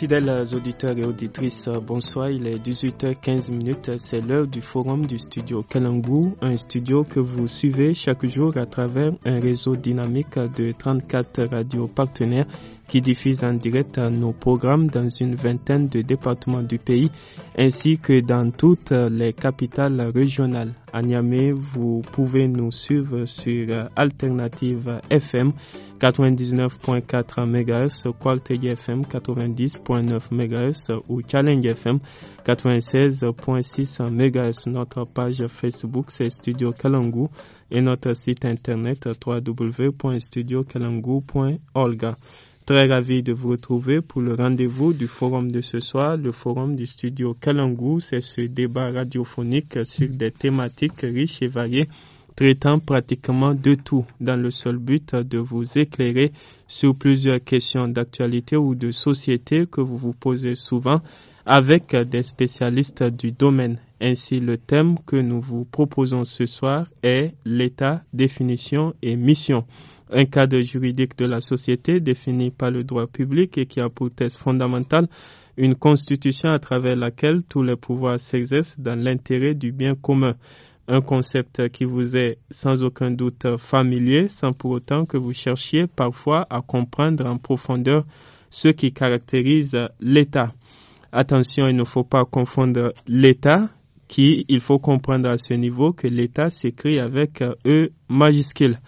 Fidèles auditeurs et auditrices, euh, bonsoir. Il est 18h15 C'est l'heure du forum du studio Kalangou, un studio que vous suivez chaque jour à travers un réseau dynamique de 34 radios partenaires qui diffusent en direct nos programmes dans une vingtaine de départements du pays ainsi que dans toutes les capitales régionales. À Niamey, vous pouvez nous suivre sur Alternative FM 99.4 MHz, Quartet FM 90.9 MHz ou Challenge FM 96.6 MHz. Notre page Facebook, c'est Studio Kalangu et notre site internet www.studiokalangu.org. Très ravi de vous retrouver pour le rendez-vous du forum de ce soir, le forum du studio Kalangu. C'est ce débat radiophonique sur des thématiques riches et variées traitant pratiquement de tout dans le seul but de vous éclairer sur plusieurs questions d'actualité ou de société que vous vous posez souvent avec des spécialistes du domaine. Ainsi, le thème que nous vous proposons ce soir est l'état, définition et mission un cadre juridique de la société défini par le droit public et qui a pour thèse fondamentale une constitution à travers laquelle tous les pouvoirs s'exercent dans l'intérêt du bien commun un concept qui vous est sans aucun doute familier, sans pour autant que vous cherchiez parfois à comprendre en profondeur ce qui caractérise l'État. Attention, il ne faut pas confondre l'État, qui, il faut comprendre à ce niveau que l'État s'écrit avec euh, E majuscule.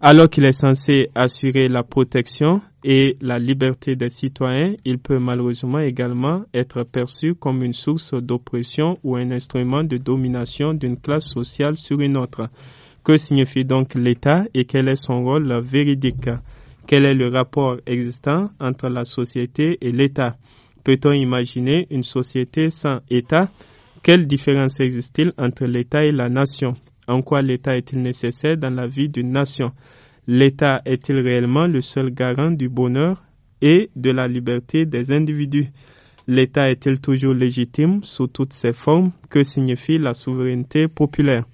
Alors qu'il est censé assurer la protection et la liberté des citoyens, il peut malheureusement également être perçu comme une source d'oppression ou un instrument de domination d'une classe sociale sur une autre. Que signifie donc l'État et quel est son rôle véridique Quel est le rapport existant entre la société et l'État Peut-on imaginer une société sans État Quelle différence existe-t-il entre l'État et la nation en quoi l'État est-il nécessaire dans la vie d'une nation L'État est-il réellement le seul garant du bonheur et de la liberté des individus L'État est-il toujours légitime sous toutes ses formes Que signifie la souveraineté populaire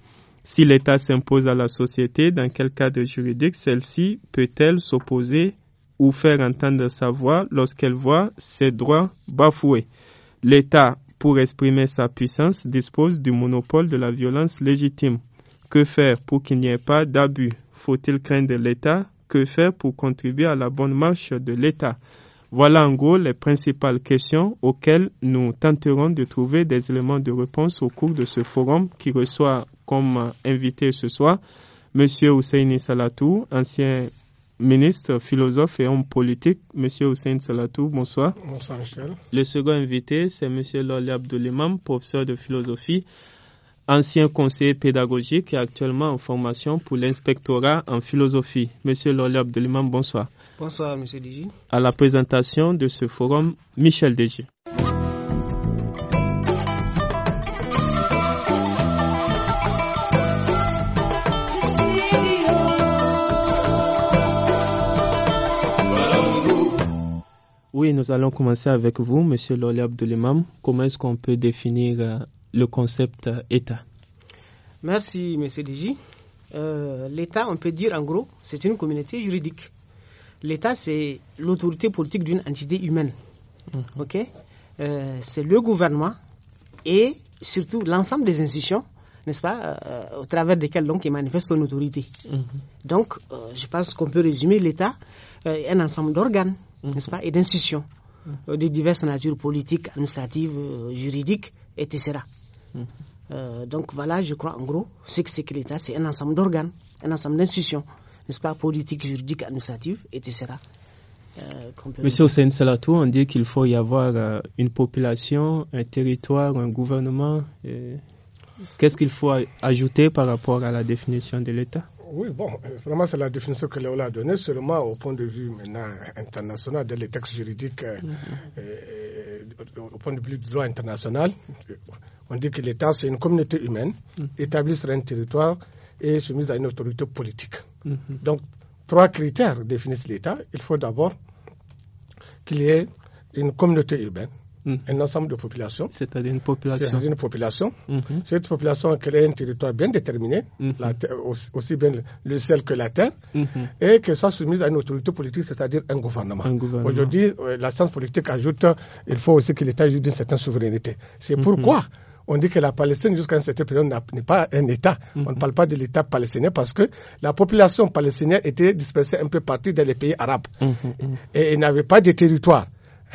Si l'État s'impose à la société, dans quel cadre juridique celle-ci peut-elle s'opposer ou faire entendre sa voix lorsqu'elle voit ses droits bafoués L'État, pour exprimer sa puissance, dispose du monopole de la violence légitime. Que faire pour qu'il n'y ait pas d'abus Faut-il craindre l'État Que faire pour contribuer à la bonne marche de l'État voilà en gros les principales questions auxquelles nous tenterons de trouver des éléments de réponse au cours de ce forum qui reçoit comme invité ce soir M. Hussein Salatou, ancien ministre, philosophe et homme politique. M. Hussein Salatou, bonsoir. Bonsoir Michel. Le second invité, c'est M. Loli Abdoulimam, professeur de philosophie ancien conseiller pédagogique et actuellement en formation pour l'inspectorat en philosophie. Monsieur Lolé Abdelimam, bonsoir. Bonsoir, monsieur Digi. À la présentation de ce forum, Michel Digi. Oui, nous allons commencer avec vous, Monsieur Lolé Comment est-ce qu'on peut définir euh, le concept euh, État Merci, M. Dj. Euh, L'État, on peut dire en gros, c'est une communauté juridique. L'État, c'est l'autorité politique d'une entité humaine. Mm-hmm. ok euh, c'est le gouvernement et surtout l'ensemble des institutions, n'est-ce pas, au travers desquelles donc, il manifeste son autorité. Mm-hmm. Donc, je pense qu'on peut résumer l'État un ensemble d'organes, mm-hmm. n'est-ce pas, et d'institutions de diverses natures politiques, administratives, juridiques, etc. Euh, donc voilà, je crois en gros, ce que c'est que l'État, c'est un ensemble d'organes, un ensemble d'institutions, n'est-ce pas, politiques, juridiques, administratives, etc. Euh, Monsieur Hossein Salatou, on dit qu'il faut y avoir euh, une population, un territoire, un gouvernement. Qu'est-ce qu'il faut ajouter par rapport à la définition de l'État Oui, bon, vraiment, c'est la définition que Léola a donnée, seulement au point de vue maintenant international, dans les textes juridiques, mm-hmm. au point de vue du droit international on dit que l'État, c'est une communauté humaine mm-hmm. établie sur un territoire et soumise à une autorité politique. Mm-hmm. Donc, trois critères définissent l'État. Il faut d'abord qu'il y ait une communauté urbaine, mm-hmm. un ensemble de populations. C'est-à-dire une population. C'est-à-dire une population. Cette population a créé un territoire bien déterminé, aussi bien le ciel que la terre, et qu'elle soit soumise à une autorité politique, c'est-à-dire un gouvernement. Aujourd'hui, euh, la science politique ajoute il faut aussi que l'État ait une certaine souveraineté. C'est pourquoi on dit que la Palestine, jusqu'à un certain période, n'est pas un État. On mhm. ne parle pas de l'État palestinien parce que la population palestinienne était dispersée un peu partout dans les pays arabes mhm. et, et n'avait pas de territoire.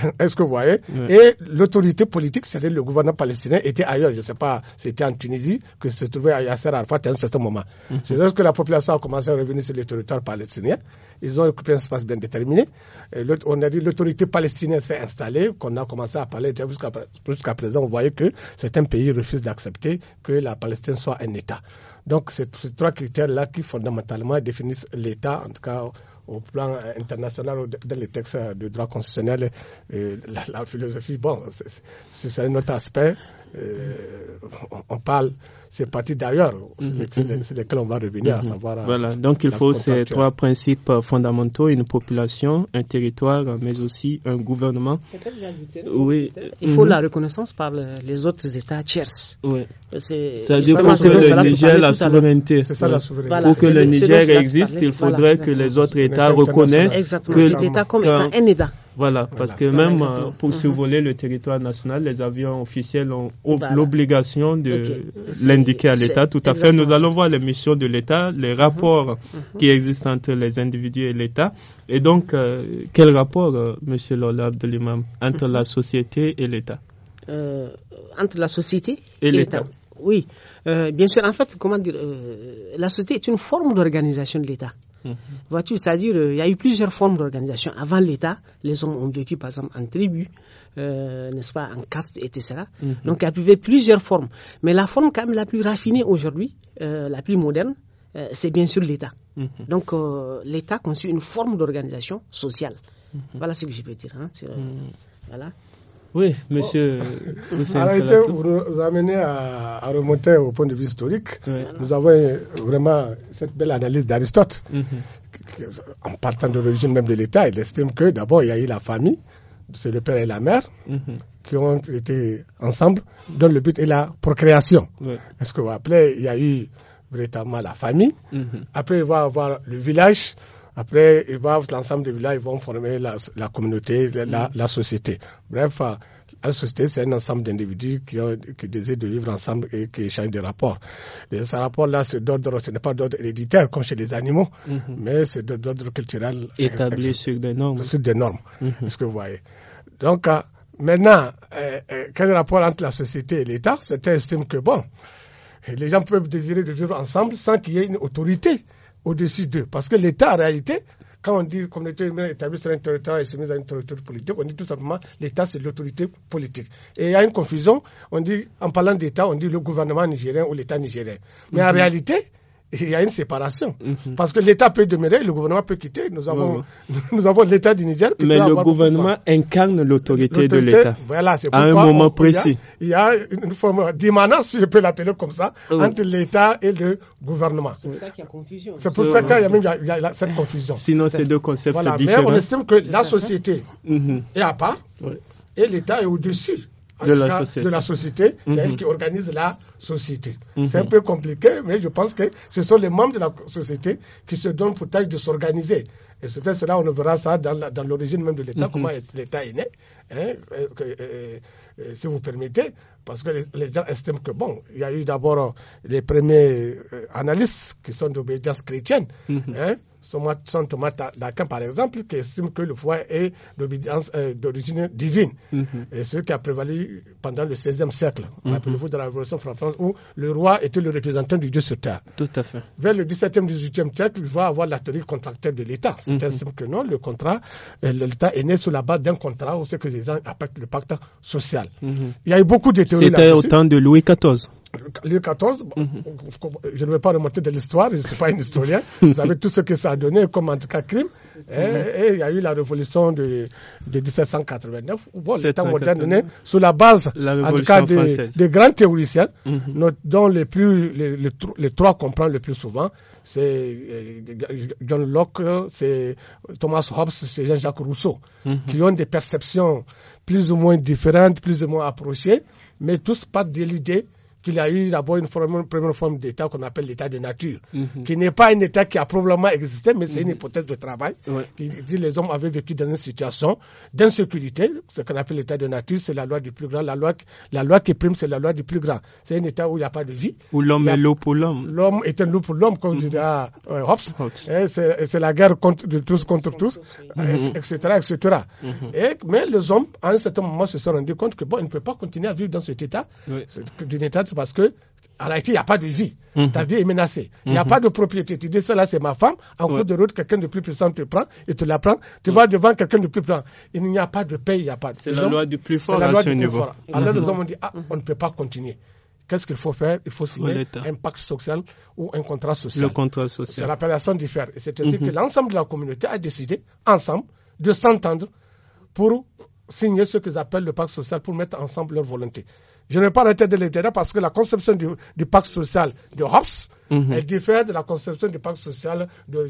Est-ce que vous voyez Et l'autorité politique, c'est-à-dire le gouvernement palestinien, était ailleurs. Je ne sais pas, c'était en Tunisie que se trouvait Yasser Arafat à un certain moment. Mhm. C'est lorsque la population a commencé à revenir sur les territoires palestiniens, Ils ont occupé un espace bien déterminé. on a dit l'autorité palestinienne s'est installée, qu'on a commencé à parler. Jusqu'à présent, vous voyez que certains pays refusent d'accepter que la Palestine soit un État. Donc, c'est ces trois critères-là qui fondamentalement définissent l'État, en tout cas au plan international dans les textes de droit constitutionnel, la, philosophie, bon, c'est un autre aspect. Euh, on parle, c'est parti d'ailleurs, c'est mhm. lequel on va revenir, à mhm. savoir. Euh, voilà, donc il faut ces trois principes euh, fondamentaux une population, un territoire, mais aussi un gouvernement. Oui. Mhm. Il faut la reconnaissance par les autres États tiers Oui. cest que le la souveraineté. ça la souveraineté. Pour que le Niger existe, il faudrait que les autres États reconnaissent que l'État comme étant un État. Voilà, parce que même euh, pour mhm. survoler le territoire national, les avions officiels ont l'obligation de l'indiquer à l'État. Tout à fait, nous allons voir les missions de l'État, les mhm. rapports mhm. qui existent entre les individus et l'État. Et donc, euh, quel rapport, M. Euh, Monsieur Lola de entre la société et l'État Entre la société et l'État. Oui, euh, bien sûr. En fait, comment dire, euh, la société est une forme d'organisation de l'État. Mhm. Vois-tu, c'est-à-dire, euh, il y a eu plusieurs formes d'organisation. Avant l'État, les hommes ont vécu, par exemple, en tribu, n'est-ce pas, en caste, etc. Mhm. Donc, il y a eu plusieurs formes. Mais la forme, quand même, la plus raffinée aujourd'hui, la plus moderne, c'est bien sûr l'État. Mhm. Donc, l'État conçoit une forme d'organisation sociale. Voilà ce que je peux dire. Hein, voilà. Oui, monsieur. Oh. Vous nous amenez à, remonter au point de vue historique. Nous avons vraiment cette belle analyse d'Aristote. Mhm. En partant de l'origine même de l'État, il estime que d'abord, il y a eu la famille, c'est le père et la mère, mhm. qui ont été ensemble, dont le but est la procréation. Est-ce que vous appelez, il y a eu véritablement la famille. Mhm. Après, il va y avoir le village après, ils vont, l'ensemble des villages ils vont former la, la communauté, la, la, société. Bref, euh, la société, c'est un ensemble d'individus qui, désirent de vivre ensemble et qui échangent des rapports. ce rapport-là, c'est d'ordre, ce n'est pas d'ordre héréditaire comme chez les animaux, mhm. mais c'est d'ordre culturel. Établi sur des normes. Sur des normes, mhm. ce que vous voyez. Donc, euh, maintenant, euh, quel rapport entre la société et l'État un estiment que, bon, les gens peuvent désirer de vivre ensemble sans qu'il y ait une autorité au-dessus d'eux. Parce que l'État, en réalité, quand on dit l'État est établi sur un territoire et mise à une territoire politique, on dit tout simplement l'État, c'est l'autorité politique. Et il y a une confusion. On dit, en parlant d'État, on dit le gouvernement nigérien ou l'État nigérien. Mais mm-hmm. en réalité, il y a une séparation. Mhm. Parce que l'État peut demeurer, le gouvernement peut quitter. Nous avons, nous avons l'État du Niger. Mais le gouvernement incarne l'autorité de l'État. Voilà, c'est À un moment précis. Il y, a, une forme d'immanence, si je peux l'appeler comme ça, entre l'État et le gouvernement. C'est pour ça qu'il y a confusion. C'est pour ça qu'il y a même cette confusion. Sinon, c'est deux concepts voilà. différents. Mais on estime que la société mhm. est à part et l'État est au-dessus de la, société. C'est elle mhm. qui organise la société. Mhm. C'est un peu compliqué, mais je pense que ce sont les membres de la société qui se donnent pour tâche de s'organiser. Et c'est cela, on verra ça dans l'origine même de l'État, mhm. comment l'État est né, hein, euh, euh, euh, si vous permettez, parce que les, gens estiment que, bon, il y a eu d'abord les premiers analystes qui sont d'obédience chrétienne. Hein, Thomas d'Aquin, par exemple, qui estime que le foie est euh, d'origine divine. Mhm. Et ce qui a prévalu pendant le XVIe siècle. Mhm. Rappelez-vous de la Révolution française où le roi était le représentant du Dieu sur terre. Tout à fait. Vers le XVIIe, XVIIIe siècle, il va avoir la théorie contractuelle de l'État. C'est à mhm. dire que non, le contrat, euh, l'État est né sous la base d'un contrat ou ce que les gens appellent le pacte social. Il y a eu beaucoup de théories. C'était au temps de Louis XIV. Lieu 14, mhm. je ne vais pas remonter de l'histoire, je ne suis pas un historien. Vous savez tout ce que ça a donné comme en tout cas crime. et, il y a eu la révolution de, 1789. Bon, l'État moderne sur la base, la en tout cas, des, grands théoriciens, mhm. dont les, plus, les, trois qu'on prend le plus souvent, c'est euh, John Locke, c'est Thomas Hobbes, c'est Jean-Jacques Rousseau, mhm. qui ont des perceptions plus ou moins différentes, plus ou moins approchées, mais tous pas de l'idée qu'il y a eu d'abord une, première forme d'État qu'on appelle l'État de nature, mhm. qui n'est pas un État qui a probablement existé, mais c'est une mhm. hypothèse de travail, qui dit les hommes avaient vécu dans une situation d'insécurité, ce qu'on appelle l'État de nature, c'est la loi du plus grand, la loi, la loi qui prime, c'est la loi du plus grand. C'est un État où il n'y a pas de vie. Où l'homme est loup pour l'homme. L'homme est un loup pour l'homme, comme mhm. dit euh, Hobbes. C'est la guerre contre, de tous contre tous, etc. etc. Et, mais les hommes, à un certain moment, se sont rendus compte que bon, ne peuvent pas continuer à vivre dans cet État, d'une d'un État parce que en il n'y a pas de vie. Mhm. Ta vie est menacée. Il n'y a mhm. pas de propriété. Tu dis, cela, c'est ma femme. En cours de route, quelqu'un de plus puissant te prend et te la prend. Tu mhm. vas devant quelqu'un de plus puissant. Il n'y a pas de paix, il a pas de. C'est la loi du plus fort. La loi du niveau. plus fort. Alors, les hommes ont dit, ah, on ne peut pas continuer. Qu'est-ce qu'il faut faire Il faut signer un pacte social ou un contrat social. Le contrat social. C'est l'appellation du fer Et c'est ainsi que l'ensemble de la communauté a décidé, ensemble, de s'entendre pour signer ce qu'ils appellent le pacte social pour mettre ensemble leur volonté. Je n'ai pas la de l'intérêt parce que la conception du, pacte social de Hobbes, mhm. est Elle diffère de la conception du pacte social de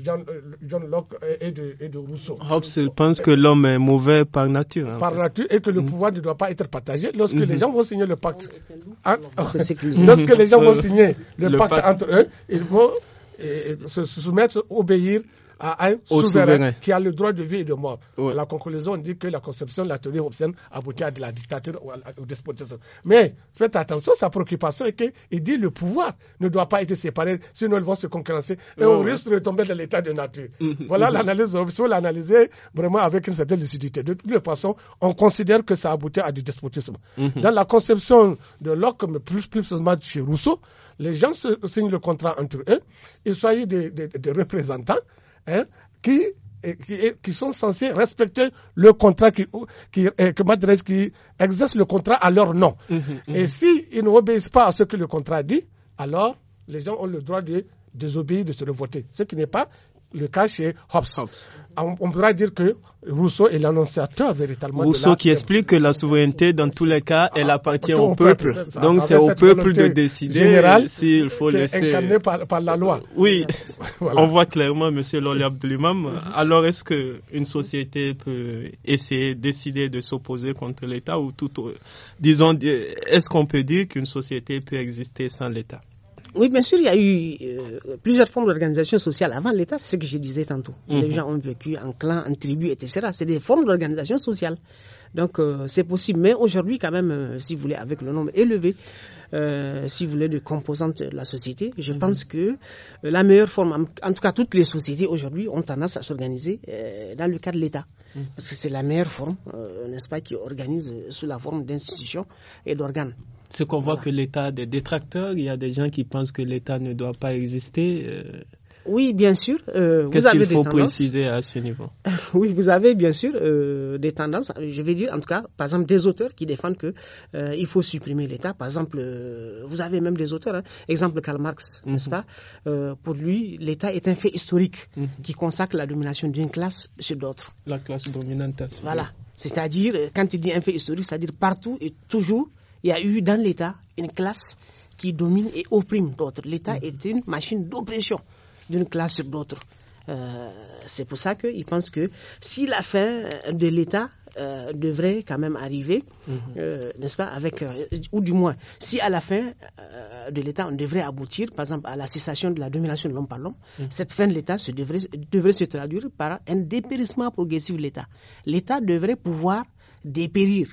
John, Locke et de, Rousseau. Hobbes pense que l'homme est mauvais par nature. Par nature et que le mhm. pouvoir ne doit pas être partagé. Lorsque les mhm. gens vont signer le pacte, hein, lorsque les gens euh, vont signer le, pacte, entre eux, ils vont euh, se soumettre, obéir à un souverain, qui a le droit de vie et de mort. la conclusion, dit que la conception de la théorie aboutit à de la dictature ou au despotisme. Mais faites attention, sa préoccupation est qu'il dit le pouvoir ne doit pas être séparé, sinon ils vont se concurrencer et on risque de tomber dans l'état de nature. Mhm. voilà l'analyse, on faut l'analyser vraiment avec une certaine lucidité. De toute façon, on considère que ça aboutit à du despotisme. Mhm. Dans la conception de Locke, mais plus, plus chez Rousseau, les gens se, signent le contrat entre eux, il s'agit des représentants Hein, qui, qui, qui, sont censés respecter le contrat qui, qui, qui exerce le contrat à leur nom. Mmh, mmh, mmh. Et s'ils n'obéissent pas à ce que le contrat dit, alors les gens ont le droit de désobéir, de se révolter. Ce qui n'est pas le cas chez Hobbes. On, on, pourra dire que Rousseau est l'annonciateur véritablement. Rousseau de qui explique que la souveraineté, dans tous les cas, elle ah, appartient au peuple. Donc c'est au peuple de décider s'il faut laisser. Incarné par, par, la loi. Oui, on voit clairement Monsieur Loli Abdelimam. Alors est-ce que une société peut essayer, décider de s'opposer contre l'État ou tout, disons, est-ce qu'on peut dire qu'une société peut exister sans l'État? Oui, bien sûr, il y a eu euh, plusieurs formes d'organisation sociale avant l'État, c'est ce que je disais tantôt. Mhm. Les gens ont vécu en clan, en tribu, etc. C'est des formes d'organisation sociale. Donc euh, c'est possible, mais aujourd'hui quand même, euh, si vous voulez, avec le nombre élevé, euh, si vous voulez, de composantes de la société, je mhm. pense que la meilleure forme, en tout cas toutes les sociétés aujourd'hui ont tendance à s'organiser dans le cadre de l'État, mhm. parce que c'est la meilleure forme, n'est-ce pas, qui organise sous la forme d'institutions et d'organes. Est-ce qu'on voit que l'État a des détracteurs, il y a des gens qui pensent que l'État ne doit pas exister. Oui, bien sûr. Euh, Qu'est-ce qu'il faut préciser à ce niveau Oui, vous avez bien sûr euh, des tendances. Je vais dire en tout cas, par exemple, des auteurs qui défendent qu'il euh, faut supprimer l'État. Par exemple, euh, vous avez même des auteurs. Hein. Exemple Karl Marx, n'est-ce mhm. pas Pour lui, l'État est un fait historique mhm. qui consacre la domination d'une classe sur d'autres. La classe dominante. Voilà. C'est-à-dire, quand il dit un fait historique, c'est-à-dire partout et toujours, il y a eu dans l'État une classe qui domine et opprime d'autres. L'État mhm. est une machine d'oppression d'une classe sur l'autre. Euh, c'est pour ça qu'ils pense que si la fin de l'État euh, devrait quand même arriver, mhm. euh, n'est-ce pas, avec, ou du moins, si à la fin de l'État on devrait aboutir, par exemple, à la cessation de la domination de l'homme par l'homme, mhm. cette fin de l'État se devrait, se traduire par un dépérissement progressif de l'État. L'État devrait pouvoir dépérir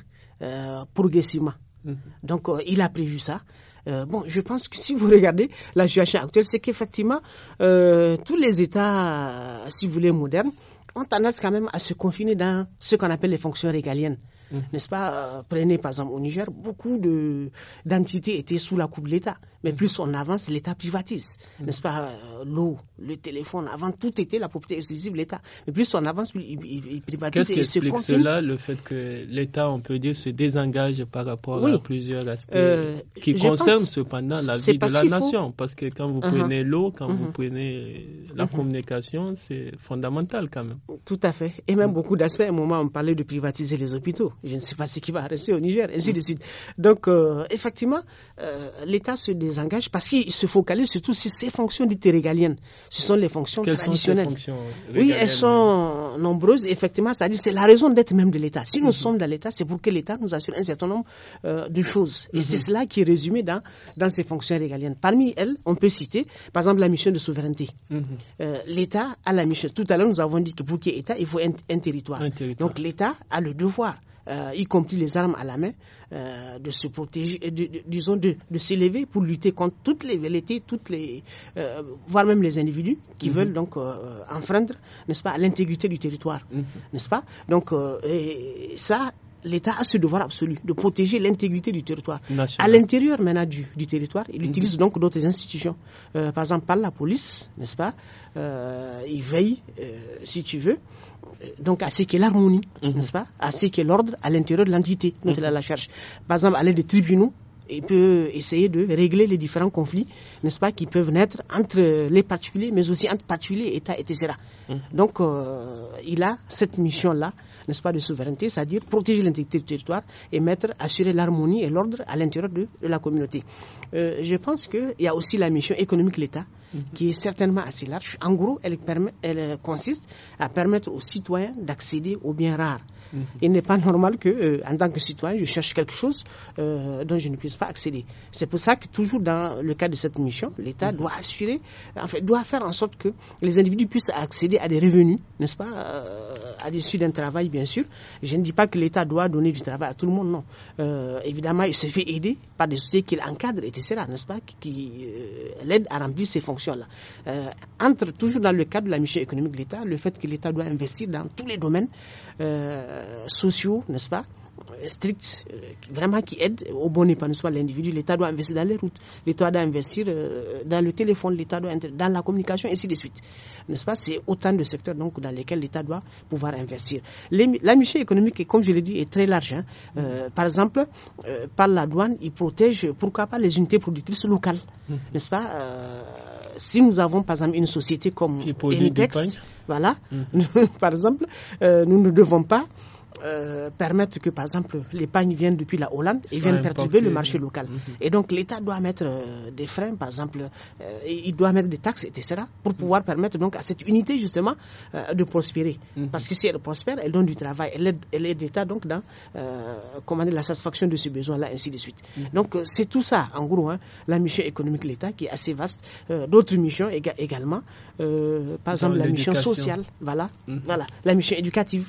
progressivement. Mhm. Donc, il a prévu ça. Euh, bon, je pense que si vous regardez la situation actuelle, c'est qu'effectivement, euh, tous les États, si vous voulez, modernes, ont tendance quand même à se confiner dans ce qu'on appelle les fonctions régaliennes. Mhm. N'est-ce pas euh, Prenez par exemple au Niger, beaucoup d'entités étaient sous la coupe de l'État. Mais mhm. plus on avance, l'État privatise. Mhm. N'est-ce pas euh, L'eau, le téléphone, avant tout était la propriété exclusive de l'État. Mais plus on avance, plus il, privatise. Qu'est-ce qui explique cela, le fait que l'État, on peut dire, se désengage par rapport à plusieurs aspects euh, qui concernent cependant la vie de la nation Parce que quand vous uh-huh. prenez l'eau, quand vous uh-huh. prenez la uh-huh. communication, c'est fondamental quand même. Tout à fait. Et même mm. beaucoup d'aspects, à un moment, on parlait de privatiser les hôpitaux je ne sais pas ce qui va rester au Niger, ainsi de suite. Donc, euh, effectivement, euh, l'État se désengage parce qu'il se focalise surtout sur ses fonctions dites régaliennes. Ce sont les fonctions traditionnelles. oui, elles sont nombreuses. Effectivement, ça dit c'est la raison d'être même de l'État. Si nous mhm. sommes dans l'État, c'est pour que l'État nous assure un certain nombre euh, de choses. Et mhm. c'est cela qui est résumé dans, dans ces fonctions régaliennes. Parmi elles, on peut citer, par exemple, la mission de souveraineté. Mhm. L'État a la mission. Tout à l'heure, nous avons dit que pour qu'il y ait État, il faut un territoire. Donc, l'État a le devoir euh, y compris les armes à la main, euh, de se protéger, de, de, disons de, s'élever pour lutter contre toutes les velléités, toutes les, euh, voire même les individus qui mhm. veulent donc enfreindre, n'est-ce pas, l'intégrité du territoire, mhm. n'est-ce pas Donc et ça, l'État a ce devoir absolu de protéger l'intégrité du territoire. À l'intérieur maintenant du, territoire, il mm-hmm. utilise donc d'autres institutions. Euh, par exemple, par la police, n'est-ce pas euh, Il veille, euh, si tu veux, donc à ce qu'il y ait l'harmonie, mm-hmm. n'est-ce pas À ce qu'il y ait l'ordre à l'intérieur de l'entité la mm-hmm. charge. Par exemple, à l'aide des tribunaux, il peut essayer de régler les différents conflits, n'est-ce pas, qui peuvent naître entre les particuliers, mais aussi entre particuliers, États etc. Hum. Donc, euh, il a cette mission-là, n'est-ce pas, de souveraineté, c'est-à-dire protéger l'intégrité du territoire et mettre, assurer l'harmonie et l'ordre à l'intérieur de, la communauté. Euh, je pense qu'il y a aussi la mission économique de l'État, hum. qui est certainement assez large. En gros, elle consiste à permettre aux citoyens d'accéder aux biens rares. Mhm. Il n'est pas normal que, euh, en tant que citoyen, je cherche quelque chose euh, dont je ne puisse pas accéder. C'est pour ça que toujours dans le cadre de cette mission, l'État mhm. doit assurer, euh, en fait, doit faire en sorte que les individus puissent accéder à des revenus, n'est-ce pas, à l'issue d'un travail, bien sûr. Je ne dis pas que l'État doit donner du travail à tout le monde, non. évidemment, il se fait aider par des sociétés qu'il encadre, etc., n'est-ce pas, qui, l'aident à remplir ces fonctions-là. entre toujours dans le cadre de la mission économique de l'État, le fait que l'État doit investir dans tous les domaines. Euh, sociaux, n'est-ce pas euh, strictes, euh, vraiment qui aident au bon épanouissement de l'individu. L'État doit investir dans les routes, l'État doit investir euh, dans le téléphone, l'État doit dans la communication, et ainsi de suite. N'est-ce pas C'est autant de secteurs donc, dans lesquels l'État doit pouvoir investir. La mission économique, comme je l'ai dit, est très large. Hein. par exemple, par la douane, il protège pourquoi pas, les unités productrices locales. Hum. N'est-ce pas si nous avons par exemple une société comme Enitex, voilà, hum. par exemple, nous ne devons pas euh, permettre que, par exemple, l'épargne vienne depuis la Hollande et vienne perturber le marché local. Mhm. Et donc, l'État doit mettre euh, des freins, par exemple, euh, il doit mettre des taxes, etc., pour mhm. pouvoir permettre donc à cette unité, justement, de prospérer. Mhm. Parce que si elle prospère, elle donne du travail, elle aide, l'État, donc, dans commander la satisfaction de ses besoins-là, ainsi de suite. Donc, c'est tout ça, en gros, hein, la mission économique de l'État qui est assez vaste. D'autres missions également, par exemple, la mission sociale, voilà, voilà, la mission éducative,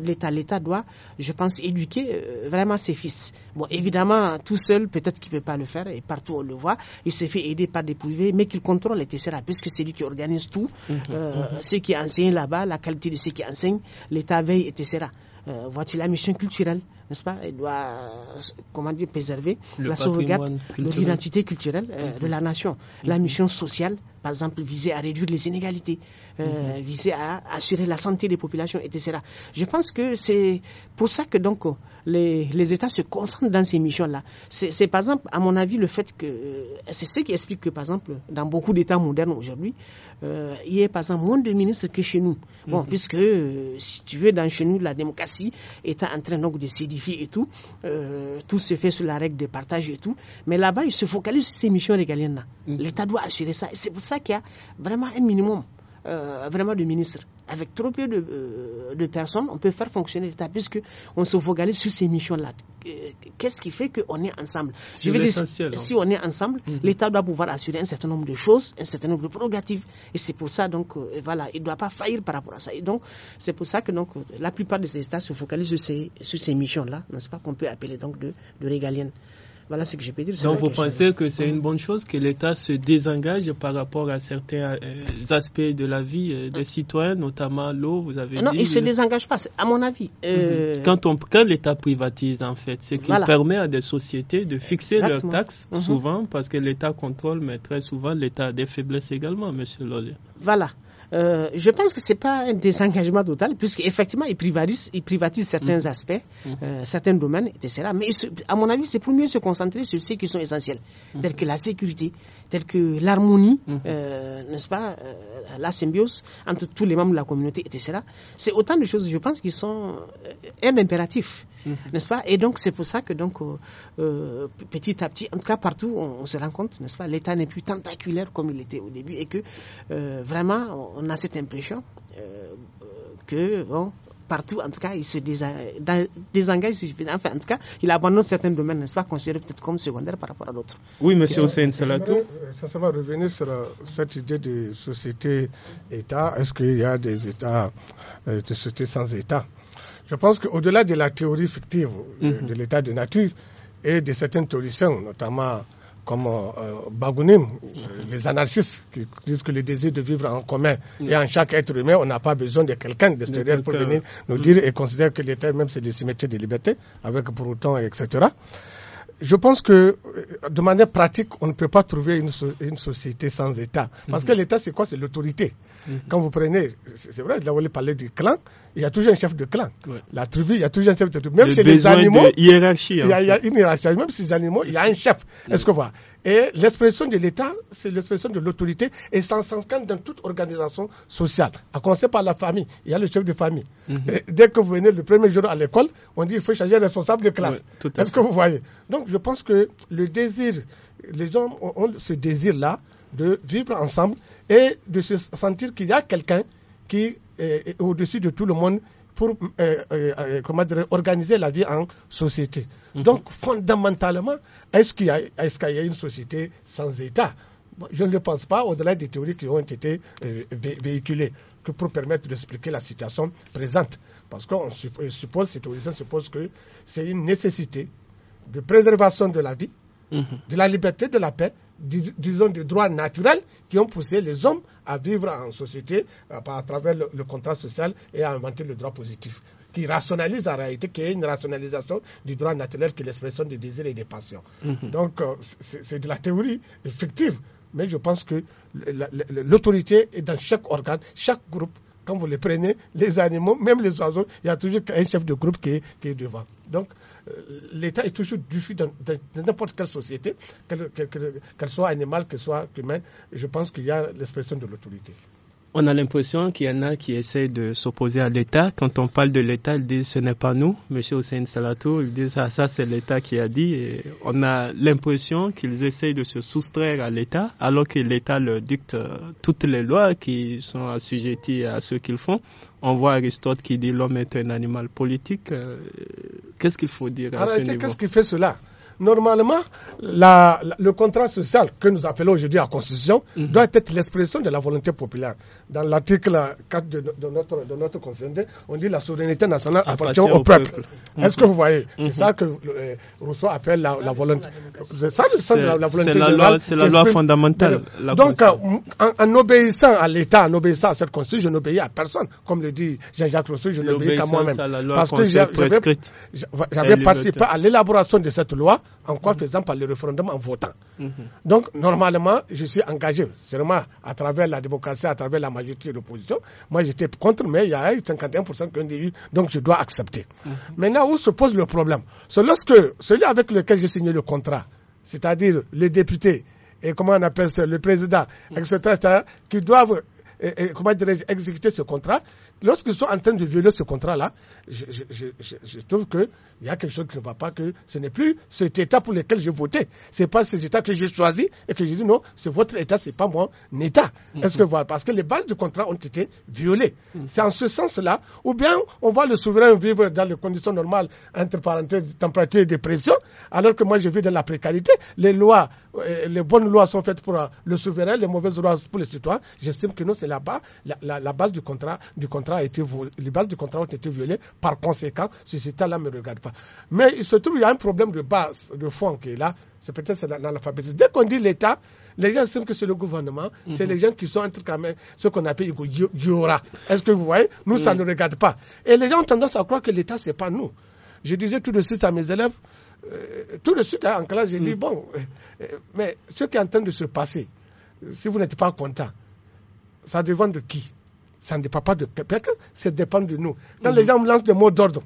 l'État, l'État doit, je pense, éduquer euh, vraiment ses fils. Bon, évidemment, tout seul, peut-être qu'il ne peut pas le faire, et partout on le voit, il se fait aider par des privés, mais qu'il contrôle etc., puisque c'est lui qui organise tout, mm-hmm. Mm-hmm. Euh, ceux qui enseignent là-bas, la qualité de ceux qui enseignent, l'État veille, etc. Euh, la mission culturelle n'est-ce pas, elle doit, euh, comment dire, préserver la sauvegarde de l'identité culturelle euh, de la nation. La mhm. mission sociale, par exemple, visée à réduire les inégalités, euh, mhm. visée à assurer la santé des populations, etc. Je pense que c'est pour ça que donc les, les États se concentrent dans ces missions-là. C'est par exemple, à mon avis, le fait que c'est ce qui explique que par exemple, dans beaucoup d'États modernes aujourd'hui, il y a par exemple moins de ministres que chez nous. Bon, mhm. puisque si tu veux, dans chez nous, la démocratie est en train donc de s'édifier et tout. Euh, tout se fait sous la règle de partage et tout. Mais là-bas, ils se focalisent sur ces missions régaliennes mm. L'État doit assurer ça. C'est pour ça qu'il y a vraiment un minimum. Euh, vraiment de ministre, Avec trop peu euh, de, personnes, on peut faire fonctionner l'État puisque on se focalise sur ces missions-là. Euh, qu'est-ce qui fait qu'on est ensemble hein. si on est ensemble, mhm. l'État doit pouvoir assurer un certain nombre de choses, un certain nombre de prérogatives. Et c'est pour ça, donc, voilà, il ne doit pas faillir par rapport à ça. Et donc, c'est pour ça que la plupart des États se focalisent sur ces, missions-là, n'est-ce pas, qu'on peut appeler donc de, de régaliennes. Voilà ce que Donc vous pensez que c'est une bonne chose que l'État se désengage par rapport à certains euh, aspects de la vie euh, des citoyens, notamment l'eau, vous avez non, dit. Non, il ne se désengage pas, à mon avis. Euh, mhm. Quand, on, l'État privatise, en fait, c'est qu'il permet à des sociétés de fixer leurs taxes, mhm. souvent, parce que l'État contrôle, mais très souvent, l'État des faiblesses également, M. Lollier. Voilà. Euh, je pense que ce n'est pas un désengagement total, puisqu'effectivement, ils privatisent, ils privatisent certains mm. aspects, mm. Euh, certains domaines, etc. Mais à mon avis, c'est pour mieux se concentrer sur ceux qui sont essentiels, mm. tels que la sécurité, tels que l'harmonie, euh, n'est-ce pas, euh, la symbiose entre tous les membres de la communauté, etc. C'est autant de choses, je pense, qui sont euh, un impératif, n'est-ce pas Et donc, c'est pour ça que, donc, petit à petit, en tout cas, partout, on, on se rend compte, n'est-ce pas, l'État n'est plus tentaculaire comme il était au début et que vraiment, on a cette impression euh, que, bon, partout, en tout cas, il se désengage, si je Enfin, en tout cas, il abandonne certains domaines, n'est-ce pas, considérés peut-être comme secondaires par rapport à d'autres. Oui, monsieur Hossein Salato. Euh, ça, ça va revenir sur euh, cette idée de société-État. Est-ce qu'il y a des États, des sociétés sans État Je pense qu'au-delà de la théorie fictive mm-hmm. de l'état de nature et de certaines théoriciens, notamment comme euh, Bagounim, euh, les anarchistes qui disent que le désir de vivre en commun mm. et en chaque être humain, on n'a pas besoin de quelqu'un d'extérieur pour venir nous mm. dire et considère que l'État même c'est des cimetières de liberté, avec pour autant, etc. Je pense que euh, de manière pratique, on ne peut pas trouver une, société sans État. Parce que mm-hmm. l'État, c'est quoi C'est l'autorité. Mm-hmm. Quand vous prenez, c'est vrai, là, voulu parler du clan, il y a toujours un chef de clan. La tribu, il y a toujours un chef de tribu. Même chez les animaux. il y, a, il y a une hiérarchie. Même chez les animaux, il y a un chef. Mm. Est-ce que vous voyez Et l'expression de l'État, c'est l'expression de l'autorité et ça s'inscrit dans toute organisation sociale. À commencer par la famille. Il y a le chef de famille. Mm-hmm. dès que vous venez le premier jour à l'école, on dit qu'il faut changer responsable de classe. Est-ce que vous voyez Donc je pense que le désir, les hommes ont ce désir-là de vivre ensemble et de se sentir qu'il y a quelqu'un qui au-dessus de tout le monde pour euh, euh, euh, comment organiser la vie en société. Mhm. Donc, fondamentalement, est-ce qu'il y, est y, a une société sans État Je ne le pense pas, au-delà des théories qui ont été véhiculées, que pour permettre d'expliquer la situation présente. Parce qu'on suppose, ces théoriciens supposent que c'est une nécessité de préservation de la vie, mhm. de la liberté, de la paix, disons, des droits naturels qui ont poussé les hommes à vivre en société euh, par à travers le, contrat social et à inventer le droit positif, qui rationalise en réalité, qui est une rationalisation du droit naturel qui est l'expression des désirs et des passions. Mhm. Donc, euh, c'est de la théorie fictive, mais je pense que l'autorité est dans chaque organe, chaque groupe quand vous les prenez, les animaux, même les oiseaux, il y a toujours un chef de groupe qui est, qui est devant. Donc, euh, l'État est toujours du fait dans, n'importe quelle société, qu'elle soit animale, qu'elle soit humaine. Je pense qu'il y a l'expression de l'autorité on a l'impression qu'il y en a qui essayent de s'opposer à l'État. Quand on parle de l'État, ils disent ce n'est pas nous. Monsieur Hossein Salato, ils disent ah, ça c'est l'État qui a dit. on a l'impression qu'ils essayent de se soustraire à l'État alors que l'État leur dicte euh, toutes les lois qui sont assujetties à ce qu'ils font. On voit Aristote qui dit l'homme est un animal politique. Euh, qu'est-ce qu'il faut dire à ce niveau Qu'est-ce qui fait cela normalement, la, le contrat social que nous appelons aujourd'hui la Constitution mhm. doit être l'expression de la volonté populaire. Dans l'article 4 de, notre, de notre Constitution, on dit la souveraineté nationale appartient, au, peuple. Est-ce mhm. que vous voyez C'est mhm. ça que euh, Rousseau appelle la, volonté. C'est ça le sens de la, volonté C'est la loi fondamentale. Donc, euh, en, en, obéissant à l'État, en obéissant à cette Constitution, je n'obéis à personne. Comme le dit Jean-Jacques Rousseau, je n'obéis qu'à moi-même. Parce que j'avais participé à l'élaboration de cette loi en quoi faisant par le référendum en votant. Mhm. Donc, normalement, je suis engagé, seulement à travers la démocratie, à travers la majorité de l'opposition. Moi, j'étais contre, mais il y a 51% qui ont dit donc je dois accepter. Mhm. Maintenant, où se pose le problème C'est lorsque celui avec lequel j'ai signé le contrat, c'est-à-dire le député et comment on appelle ça, le président, mhm. etc., qui doivent exécuter ce contrat, lorsqu'ils sont en train de violer ce contrat-là, je, je, je, je, trouve qu'il y a quelque chose qui ne va pas, que ce n'est plus cet État pour lequel j'ai voté. Ce n'est pas cet État que j'ai choisi et que j'ai dit non, c'est votre État, ce n'est pas mon État. Mm-hmm. Est-ce que voilà, Parce que les bases du contrat ont été violées. Mm-hmm. C'est en ce sens-là, ou bien on voit le souverain vivre dans les conditions normales, entre parenthèses, température et dépression, alors que moi je vis dans la précarité. Les lois, euh, les bonnes lois sont faites pour euh, le souverain, les mauvaises lois pour les citoyens. J'estime que non, c'est là-bas la, la, base du contrat. Du contrat été les bases du contrat ont été violées. Par conséquent, ce états là ne me regarde pas. Mais il se trouve qu'il y a un problème de base, de fond qui est là. C'est peut-être l'alphabétisme. Dès qu'on dit l'État, les gens savent que c'est le gouvernement, mhm. c'est les gens qui sont entre quand même ce qu'on appelle Yora. Est-ce que vous voyez Nous, ça mhm. ne regarde pas. Et les gens ont tendance à croire que l'État, c'est pas nous. Je disais tout de suite à mes élèves, euh, tout de suite hein, en classe, j'ai dit, mm. bon, euh, euh, mais ce qui est en train de se passer, si vous n'êtes pas content, ça dépend de qui ça ne dépend pas de quelqu'un, ça dépend de nous. Quand mhm. les gens lancent des mots d'ordre,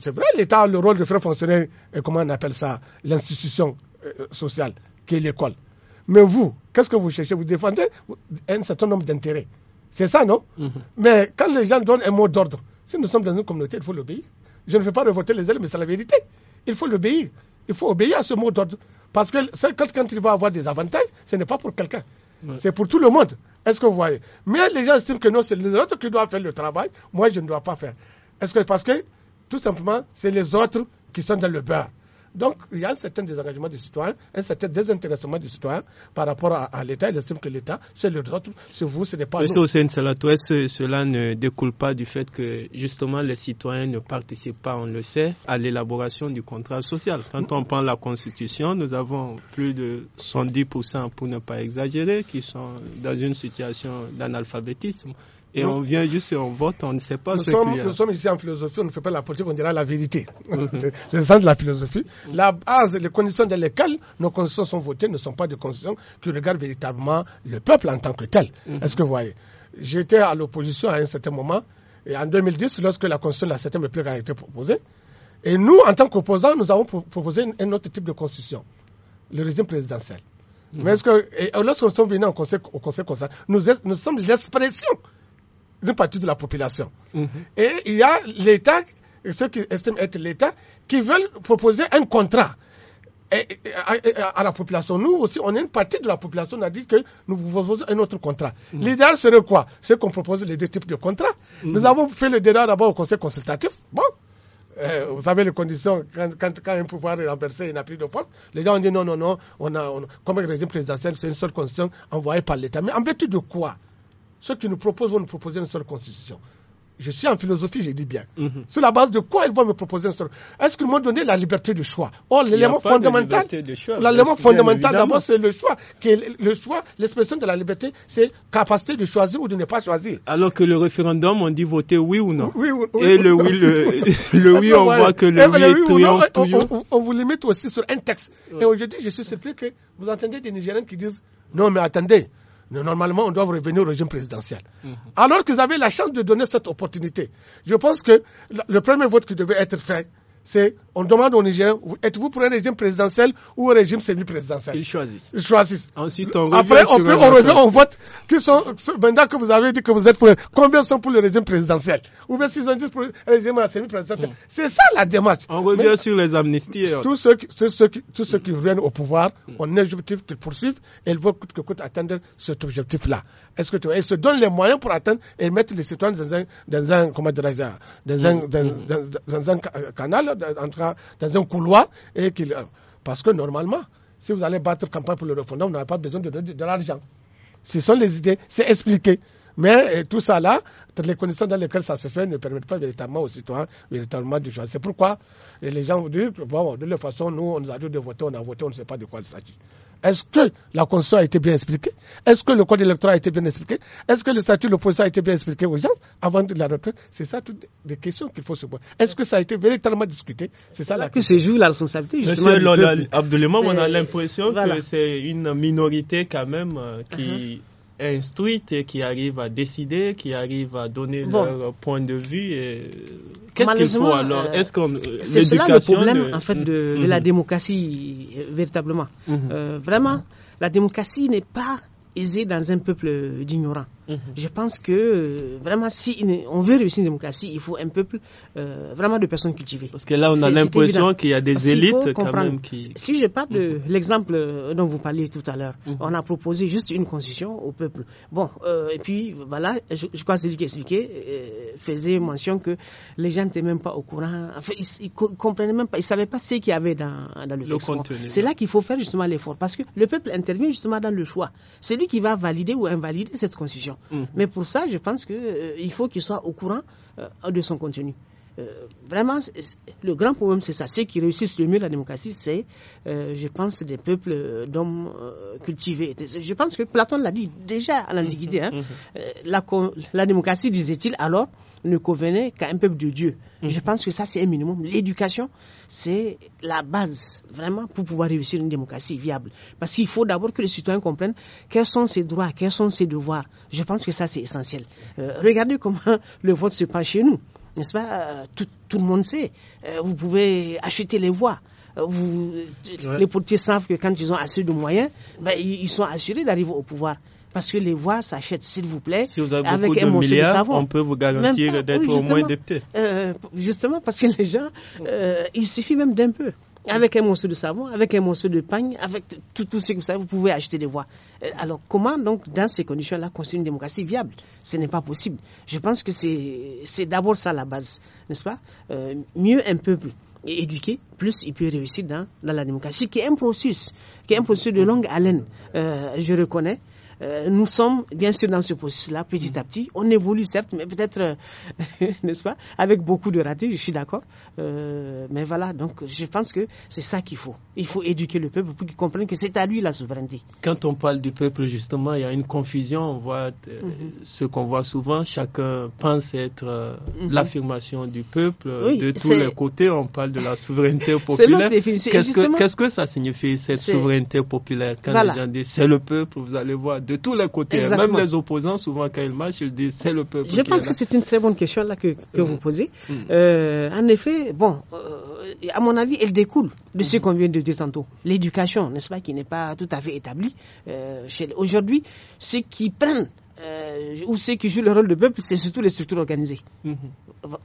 c'est vrai, l'État a le rôle de faire fonctionner, comment on appelle ça, l'institution euh, sociale, qui est l'école. Mais vous, qu'est-ce que vous cherchez Vous défendez un certain nombre d'intérêts. C'est ça, non mhm. Mais quand les gens donnent un mot d'ordre, si nous sommes dans une communauté, il faut l'obéir. Je ne veux pas re-voter les ailes, mais c'est la vérité. Il faut l'obéir. Il faut obéir à ce mot d'ordre. Parce que quand il va avoir des avantages, ce n'est pas pour quelqu'un. C'est pour tout le monde. Est-ce que vous voyez Mais les gens estiment que non, c'est les autres qui doivent faire le travail. Moi, je ne dois pas faire. Est-ce que parce que tout simplement, c'est les autres qui sont dans le beurre. Donc, il y a un certain désengagement du citoyen, un certain désintéressement du citoyen par rapport à, l'État. Il estime que l'État, c'est le droit, c'est vous, ce n'est pas Monsieur Hossein cela ne découle pas du fait que, justement, les citoyens ne participent pas, on le sait, à l'élaboration du contrat social. Quand on prend la Constitution, nous avons plus de 110%, pour ne pas exagérer, qui sont dans une situation d'analphabétisme et on vient juste et on vote, on ne sait pas ce qu'il y a. Nous sommes ici en philosophie, on ne fait pas la politique, on dira la vérité. c'est le sens de la philosophie. La base, les conditions dans lesquelles nos constitutions sont votées ne sont pas des constitutions qui regardent véritablement le peuple en tant que tel. Mhm. Est-ce que vous voyez J'étais à l'opposition à un certain moment, et en 2010, lorsque la constitution de la 7 République a été proposée, et nous, en tant qu'opposants, nous avons proposé un autre type de constitution, le régime présidentiel. Mhm. Mais est-ce que, euh, lorsque nous sommes venus au Conseil, au conseil, nous, nous sommes l'expression d'une partie de la population. Mhm. Et il y a l'État, ceux qui estiment être l'État, qui veulent proposer un contrat. à, la population. Nous aussi, on est une partie de la population, on a dit que nous proposons un autre contrat. Mhm. L'idéal serait quoi C'est qu'on propose les deux types de contrats. Mhm. Nous avons fait le débat d'abord au Conseil consultatif. Bon, euh, vous savez les conditions, quand, quand, un pouvoir est renversé, il n'a plus de force. Les gens ont dit non, non, non, on a, comme le régime présidentiel, c'est une seule condition envoyée par l'État. Mais en vertu de quoi ceux qui nous proposent vont nous proposer une seule constitution. Je suis en philosophie, j'ai dit bien. Mhm. Sur la base de quoi ils vont me proposer une seule Est-ce qu'ils m'ont donné la liberté de choix Or, l'élément fondamental, l'élément fondamental d'abord, c'est le choix. le choix, l'expression de la liberté, c'est capacité de choisir ou de ne pas choisir. Alors que le référendum, on dit voter oui ou non. Et le oui, le, oui, on voit que le, oui, est toujours. On, on, vous limite aussi sur un texte. Et aujourd'hui, je suis surpris que vous entendez des Nigériens qui disent non, mais attendez. Normalement, on doit revenir au régime présidentiel. Mhm. Alors qu'ils avaient la chance de donner cette opportunité. Je pense que le premier vote qui devait être fait, c'est on demande aux Nigériens êtes-vous pour un régime présidentiel ou un régime semi-présidentiel Ils choisissent. Ils Ensuite, on Après, on, peut, on revient, on vote. Qui maintenant que vous avez dit que vous êtes pour, combien sont pour le régime présidentiel Ou bien s'ils ont dit pour le régime semi-présidentiel. C'est ça la démarche. On revient sur les amnisties. Tous ceux, qui, tous ceux qui, mm. viennent au pouvoir mm. ont un objectif qu'ils poursuivent et ils veulent que coûte atteindre cet objectif-là. Est-ce que tu Ils se donnent les moyens pour atteindre et mettre les citoyens dans un, dans comment mm. dans, dans un euh, canal dans, un couloir et qu'il. Euh, parce que normalement, si vous allez battre campagne pour le référendum, vous n'avez pas besoin de, de, de l'argent. Ce sont les idées, c'est expliqué. Mais euh, tout ça là, les conditions dans lesquelles ça se fait ne permettent pas véritablement aux citoyens véritablement de choisir. C'est pourquoi les gens vous disent, de toute façon, nous, on nous a dit de voter, on a voté, on ne sait pas de quoi il s'agit. Est-ce que la Constitution a été bien expliquée Est-ce que le Code électoral a été bien expliqué Est-ce que le statut de l'opposition a été bien expliqué aux gens avant de la retraite C'est ça toutes les questions qu'il faut se poser. Est-ce que ça a été véritablement discuté C'est ça la que question. se joue la responsabilité. Monsieur on a l'impression que c'est une minorité quand même euh, qui... Uh-huh instruites et qui arrivent à décider, qui arrivent à donner leur point de vue. Qu'est-ce qu'il faut alors euh, Est-ce c'est cela le problème de... en fait de, mhm. la démocratie euh, véritablement mhm. euh, Vraiment, la démocratie n'est pas aisé dans un peuple d'ignorants. Mhm. Je pense que euh, vraiment, si on veut réussir une démocratie, il faut un peuple euh, vraiment de personnes cultivées. Parce que là, on a l'impression qu'il y a des élites quand même qui. Si je parle de mhm. l'exemple euh, dont vous parliez tout à l'heure, mhm. on a proposé juste une constitution au peuple. Bon, et puis voilà, je, crois que celui qui expliquait faisait mention que les gens n'étaient même pas au courant. Enfin, ils, ne comprenaient même pas, ils ne savaient pas ce qu'il y avait dans, le, le texte. C'est là qu'il faut faire justement l'effort. Parce que le peuple intervient justement dans le choix. C'est qui va valider ou invalider cette constitution. Mhm. Mais pour ça, je pense qu'il euh, faut qu'il soit au courant euh, de son contenu. Euh, vraiment, le grand problème, c'est ça. Ceux qui réussissent le mieux la démocratie, c'est, euh, je pense, des peuples euh, d'hommes cultivés. Je pense que Platon l'a dit déjà à l'Antiquité. Hein. Mhm. La, démocratie, disait-il, alors, ne convenait qu'à un peuple de Dieu. Mhm. Je pense que ça, c'est un minimum. L'éducation, c'est la base, vraiment, pour pouvoir réussir une démocratie viable. Parce qu'il faut d'abord que les citoyens comprennent quels sont ses droits, quels sont ses devoirs. Je pense que ça, c'est essentiel. regardez comment le vote se passe chez nous n'est-ce pas euh, tout, tout, le monde sait. Euh, vous pouvez acheter les voix. Euh, les portiers savent que quand ils ont assez de moyens, ben, ils, sont assurés d'arriver au pouvoir parce que les voix s'achètent, s'il vous plaît, avec un On peut vous garantir d'être au moins député. justement, parce que les gens, il suffit même d'un peu avec un morceau de savon, avec un morceau de pagne, avec tout, tout ce que vous savez, vous pouvez acheter des voix. Euh, alors comment donc, dans ces conditions-là, construire une démocratie viable Ce n'est pas possible. Je pense que c'est d'abord ça la base, n'est-ce pas euh, Mieux un peuple éduqué, plus il peut réussir dans, dans, la démocratie, qui est un processus, qui est un processus de longue haleine, euh, je reconnais. Euh, nous sommes bien sûr dans ce processus-là, petit à petit. On évolue certes, mais peut-être, euh, n'est-ce pas, avec beaucoup de ratés, je suis d'accord. Euh, mais voilà, donc je pense que c'est ça qu'il faut. Il faut éduquer le peuple pour qu'il comprenne que c'est à lui la souveraineté. Quand on parle du peuple, justement, il y a une confusion. On voit mhm. ce qu'on voit souvent. Chacun pense être mhm. l'affirmation du peuple. de tous les côtés, on parle de la souveraineté populaire. Qu'est-ce que, que ça signifie, cette souveraineté populaire Quand les gens disent c'est le peuple, vous allez voir de tous les côtés. Hein. Même les opposants, souvent, quand ils marchent, ils disent c'est le peuple. Je pense que c'est une très bonne question là que, mm. vous posez. Mm. Euh, en effet, bon, euh, à mon avis, elle découle de ce mm. qu'on vient de dire tantôt. L'éducation, n'est-ce pas, qui n'est pas tout à fait établie euh, aujourd'hui. Ceux qui prennent euh, ou ceux qui jouent le rôle de peuple, c'est surtout les structures organisées. Mhm.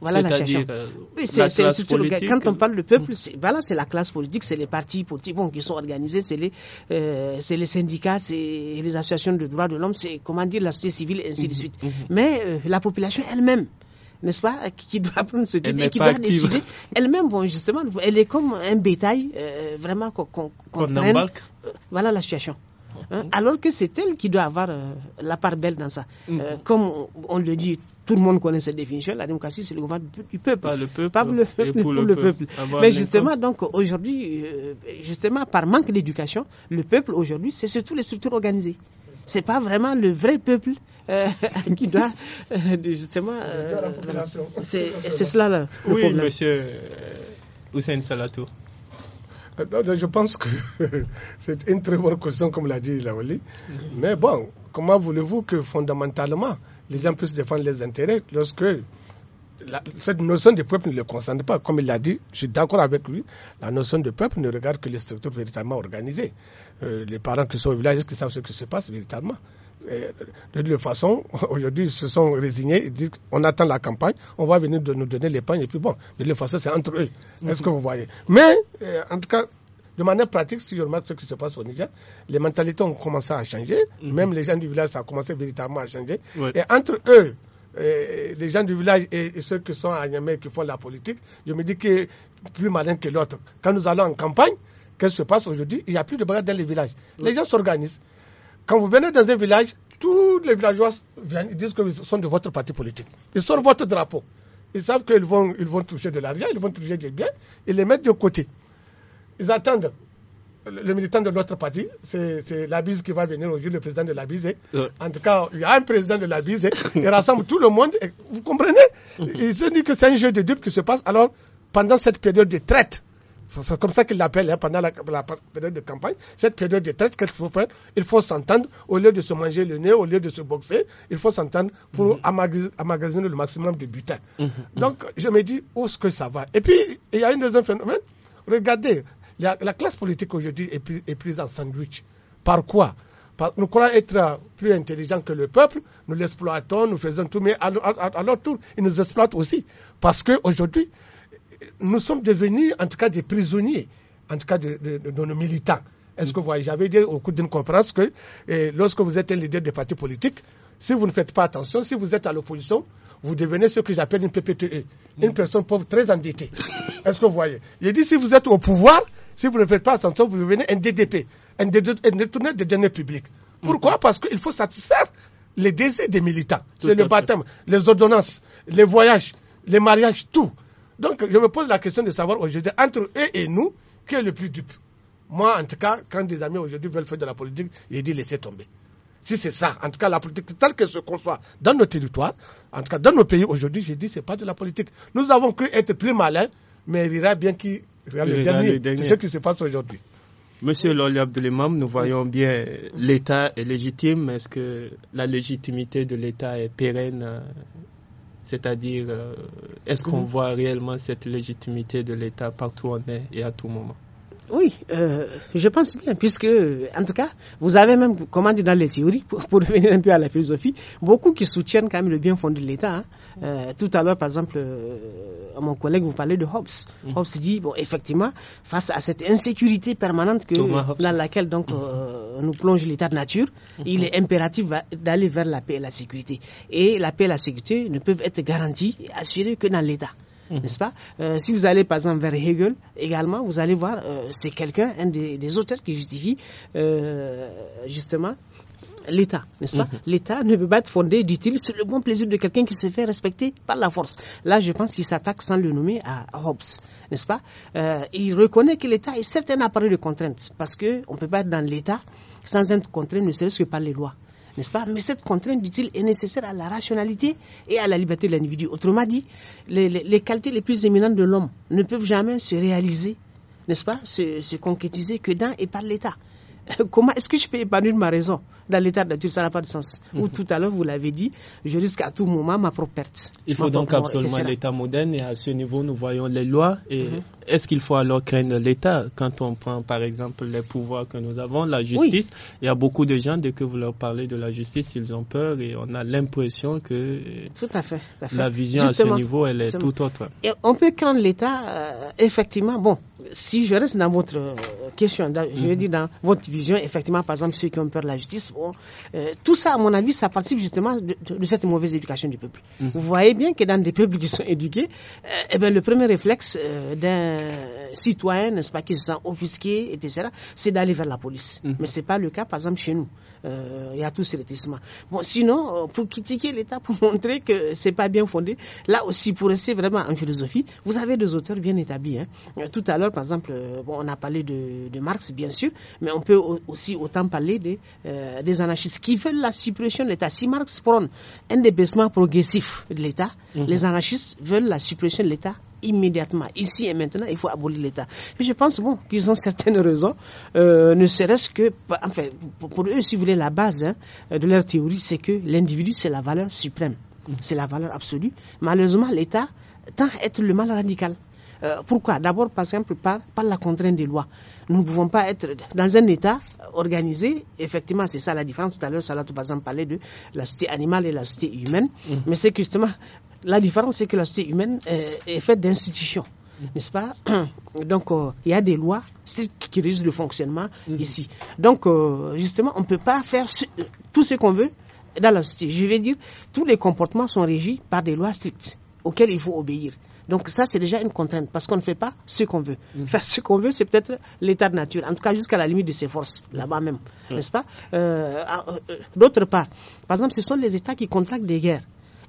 Voilà la situation. Euh, c'est Quand on parle de peuple, mhm. c'est la classe politique, c'est les partis politiques qui sont organisés, euh, c'est les, syndicats, c'est les associations de droits de l'homme, c'est comment dire la société civile, et ainsi de mhm. suite. Mais la population elle-même, n'est-ce pas, qui doit prendre ce titre qui doit décider elle-même, bon, justement, elle est comme un bétail vraiment qu'on Voilà la situation. Mhm. Hein, alors que c'est elle qui doit avoir euh, la part belle dans ça. Mhm. Euh, comme on, le dit, tout le monde connaît cette définition, la démocratie c'est le gouvernement du peuple, pas le peuple, le peuple, Mais justement, donc aujourd'hui, euh, justement par manque d'éducation, le peuple aujourd'hui, c'est surtout les structures organisées c'est pas vraiment le vrai peuple qui doit justement. c'est cela là, Oui, monsieur Hussein Salatou euh, je pense que c'est une très bonne question, comme l'a dit Laoli. Mhm. Mais bon, comment voulez-vous que fondamentalement, les gens puissent défendre les intérêts lorsque cette notion de peuple ne le concerne pas. Comme il l'a dit, je suis d'accord avec lui, la notion de peuple ne regarde que les structures véritablement organisées. Euh, les parents qui sont au village, qui savent ce qui se passe véritablement euh, de toute façon, aujourd'hui, ils se sont résignés. Ils disent on attend la campagne, on va venir de nous donner l'épargne Et puis bon, de toute façon, c'est entre eux. Mhm. Est-ce que vous voyez Mais, euh, en tout cas, de manière pratique, si je remarque ce qui se passe au Niger, les mentalités ont commencé à changer. Mhm. Même les gens du village, ça a commencé véritablement à changer. Et entre eux, euh, les gens du village et, ceux qui sont à Niamey qui font la politique, je me dis que plus malin que l'autre. Quand nous allons en campagne, qu'est-ce qui se passe aujourd'hui Il n'y a plus de bagarre dans les villages. Les gens s'organisent. Quand vous venez dans un village, tous les villageois viennent, ils disent qu'ils sont de votre parti politique. Ils sortent votre drapeau. Ils savent qu'ils vont, ils vont toucher de l'argent, ils vont toucher des biens, ils les mettent de côté. Ils attendent le militant de notre parti, c'est la bise qui va venir aujourd'hui, le président de la bise. En tout cas, il y a un président de la bise, il rassemble tout le monde, vous comprenez Ils se disent que c'est un jeu de dupes qui se passe. Alors, pendant cette période de traite, c'est comme ça qu'ils l'appellent hein, pendant la, période de campagne, cette période de traite, qu'est-ce qu'il faut faire Il faut s'entendre, au lieu de se manger le nez, au lieu de se boxer, il faut s'entendre pour mhm. amagasiner le maximum de butin. Mhm. Donc, je me dis, où est-ce que ça va Et puis, il y a un deuxième phénomène. Regardez, la, classe politique aujourd'hui est, prise en sandwich. Par quoi Nous croyons être plus intelligents que le peuple, nous l'exploitons, nous faisons tout, mais à, leur tour, ils nous exploitent aussi. Parce qu'aujourd'hui, nous sommes devenus, en tout cas, des prisonniers, en tout cas, de, nos militants. Est-ce que vous voyez J'avais dit au cours d'une conférence que eh, lorsque vous êtes un leader des parti politique, si vous ne faites pas attention, si vous êtes à l'opposition, vous devenez ce que j'appelle une PPTE, une personne pauvre très endettée. Est-ce que vous voyez J'ai dit si vous êtes au pouvoir, si vous ne faites pas attention, vous devenez un DDP, un, détourneur de données publiques. Pourquoi mm-hmm. Parce qu'il faut satisfaire les désirs des militants. C'est le baptême, les ordonnances, les voyages, les mariages, tout. Donc, je me pose la question de savoir aujourd'hui, entre eux et nous, qui est le plus dupe Moi, en tout cas, quand des amis aujourd'hui veulent faire de la politique, j'ai dit, laissez tomber. Si c'est ça, en tout cas, la politique telle qu'elle se conçoit dans nos territoires, en tout cas dans nos pays aujourd'hui, je dis c'est pas de la politique. Nous avons cru être plus malins, mais il ira bien qui le, dernier. C'est ce qui se passe aujourd'hui. Monsieur Loli Abdelimam, nous voyons bien l'État est légitime. Est-ce que la légitimité de l'État est pérenne euh, c'est-à-dire, euh, est-ce qu'on mhm. voit réellement cette légitimité de l'État partout où on est et à tout moment oui, euh, je pense bien, puisque, en tout cas, vous avez même, comment dire, dans les théories, pour, revenir un peu à la philosophie, beaucoup qui soutiennent quand même le bien fondé de l'État. Hein. Euh, tout à l'heure, par exemple, euh, mon collègue vous parlait de Hobbes. Mm. Hobbes dit, bon, effectivement, face à cette insécurité permanente dans laquelle donc nous plonge l'État de nature, mm-hmm. il est impératif d'aller vers la paix et la sécurité. Et la paix et la sécurité ne peuvent être garanties et assurées que dans l'État. Mhm. n'est-ce pas euh, Si vous allez par exemple vers Hegel, également, vous allez voir, euh, c'est quelqu'un, un des, des, auteurs qui justifie euh, justement l'État, n'est-ce pas mhm. L'État ne peut pas être fondé, dit-il, sur le bon plaisir de quelqu'un qui se fait respecter par la force. Là, je pense qu'il s'attaque sans le nommer à Hobbes, n'est-ce pas Il reconnaît que l'État est certain à appareil de contraintes, parce qu'on ne peut pas être dans l'État sans être contraint, ne serait-ce que par les lois n'est-ce pas Mais cette contrainte, dit-il, est nécessaire à la rationalité et à la liberté de l'individu. Autrement dit, les, qualités les plus éminentes de l'homme ne peuvent jamais se réaliser, n'est-ce pas se, se concrétiser que dans et par l'État. comment est-ce que je peux épanouir ma raison dans l'état de nature Ça n'a pas de sens. Ou mhm. tout à l'heure, vous l'avez dit, je risque à tout moment ma propre perte. Il faut donc absolument l'état moderne et à ce niveau, nous voyons les lois. Et mhm. est-ce qu'il faut alors craindre l'état quand on prend par exemple les pouvoirs que nous avons, la justice Il y a beaucoup de gens, dès que vous leur parlez de la justice, ils ont peur et on a l'impression que tout à fait, la vision à ce niveau, elle est tout autre. on peut craindre l'état, euh, effectivement. Bon, si je reste dans votre euh, question, je veux mhm. dire dans votre vision, effectivement, par exemple, ceux qui ont peur de la justice. Bon, euh, tout ça, à mon avis, ça participe justement de, cette mauvaise éducation du peuple. Mhm. Vous voyez bien que dans des peuples qui sont éduqués, et euh, eh ben, le premier réflexe euh, d'un citoyen, n'est-ce pas, qui se sent offusqué, etc., c'est d'aller vers la police. Mhm. Mais ce n'est pas le cas, par exemple, chez nous. Il y a tout ce rétissement. Bon, sinon, pour critiquer l'État, pour montrer que c'est n'est pas bien fondé, là aussi, pour rester vraiment en philosophie, vous avez des auteurs bien établis. Hein. Tout à l'heure, par exemple, bon, on a parlé de, de Marx, bien sûr, mais on peut aussi autant parler euh, des anarchistes qui veulent la suppression de l'État. Si Marx prône un débaissement progressif de l'État, mhm. les anarchistes veulent la suppression de l'État immédiatement. Ici et maintenant, il faut abolir l'État. Je pense bon, qu'ils ont certaines raisons, euh, ne serait-ce que, enfin, pour eux, si vous voulez, la base hein, de leur théorie, c'est que l'individu, c'est la valeur suprême, mhm. c'est la valeur absolue. Malheureusement, l'État tend à être le mal radical. Euh, pourquoi D'abord, par simple, par, par la contrainte des lois. Nous ne pouvons pas être dans un État organisé. Effectivement, c'est ça la différence. Tout à l'heure, Salah Toubazan parlait de la société animale et la société humaine. Mhm. Mais c'est justement, la différence, c'est que la société humaine euh, est faite d'institutions mhm. n'est-ce pas Donc, euh, il y a des lois strictes qui régissent le fonctionnement mhm. ici. Donc, justement, on ne peut pas faire tout ce qu'on veut dans la société. Je veux dire, tous les comportements sont régis par des lois strictes auxquelles il faut obéir. Donc ça, c'est déjà une contrainte parce qu'on ne fait pas ce qu'on veut. Mm. Faire ce qu'on veut, c'est peut-être l'état de nature, en tout cas jusqu'à la limite de ses forces, là-bas même, mm. n'est-ce pas euh, euh, euh, D'autre part, par exemple, ce sont les États qui contractent des guerres.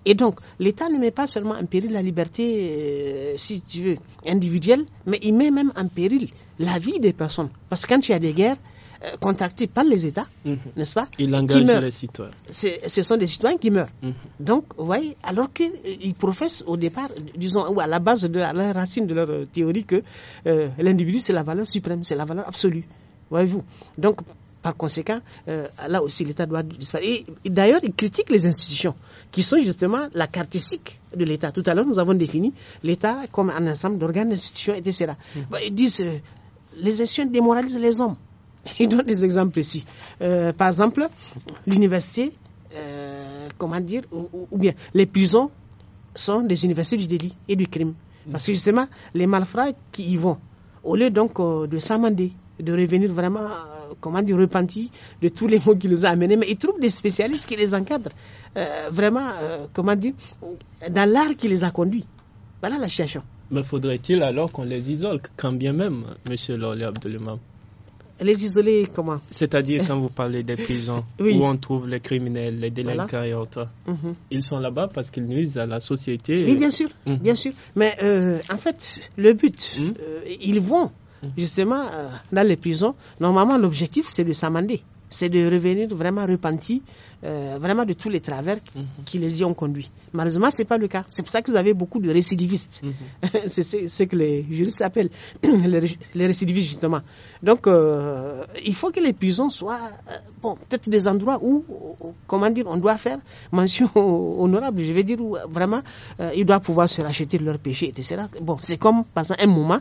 Et donc, l'État ne met pas seulement en péril la liberté, euh, si tu veux, individuelle, mais il met même en péril la vie des personnes. Parce que quand tu as des guerres, euh, contactées par les États, mhm. n'est-ce pas Il engage les citoyens. Ce sont des citoyens qui meurent. Mhm. Donc, vous voyez, alors qu'ils euh, professent au départ, disons, ou à la base de la racine de leur théorie que l'individu, c'est la valeur suprême, c'est la valeur absolue. Voyez-vous Donc, par conséquent, euh, là aussi, l'État doit disparaître. Et, d'ailleurs, il critiquent les institutions qui sont justement la caractéristique de l'État. Tout à l'heure, nous avons défini l'État comme un ensemble d'organes, d'institutions, etc. Hmm. ils disent que euh, les institutions démoralisent les hommes. Ils donnent des exemples ici euh, par exemple, l'université, comment dire, ou, bien les prisons sont des universités du délit et du crime. Hmm. Parce que justement, les malfrats qui y vont, au lieu donc de s'amender, de revenir vraiment comment dire, repenti de tous les mots qui nous a amenés, mais ils trouvent des spécialistes qui les encadrent. Euh, vraiment, euh, comment dire, dans l'art qui les a conduits. Voilà la cherche. Mais faudrait-il alors qu'on les isole, quand bien même, M. Lorlé Abdelimam les isoler comment C'est-à-dire quand vous parlez des prisons où on trouve les criminels, les délinquants et autres. Mhm. Ils sont là-bas parce qu'ils nuisent à la société. Oui, bien sûr, mhm. bien sûr. Mais euh, en fait, le but, mhm. ils vont Justement, euh, dans les prisons, normalement, l'objectif, c'est de s'amender c'est de revenir vraiment repenti, euh, vraiment de tous les travers qui, mhm. les y ont conduits. Malheureusement, ce n'est pas le cas. C'est pour ça que vous avez beaucoup de récidivistes. Mhm. c'est ce que les juristes appellent les, récidivistes, justement. Donc, euh, il faut que les prisons soient, euh, bon, peut-être des endroits où, comment dire, on doit faire mention honorable, je vais dire, où vraiment, ils doivent pouvoir se racheter de leurs péchés, etc. Bon, c'est comme, passant un moment,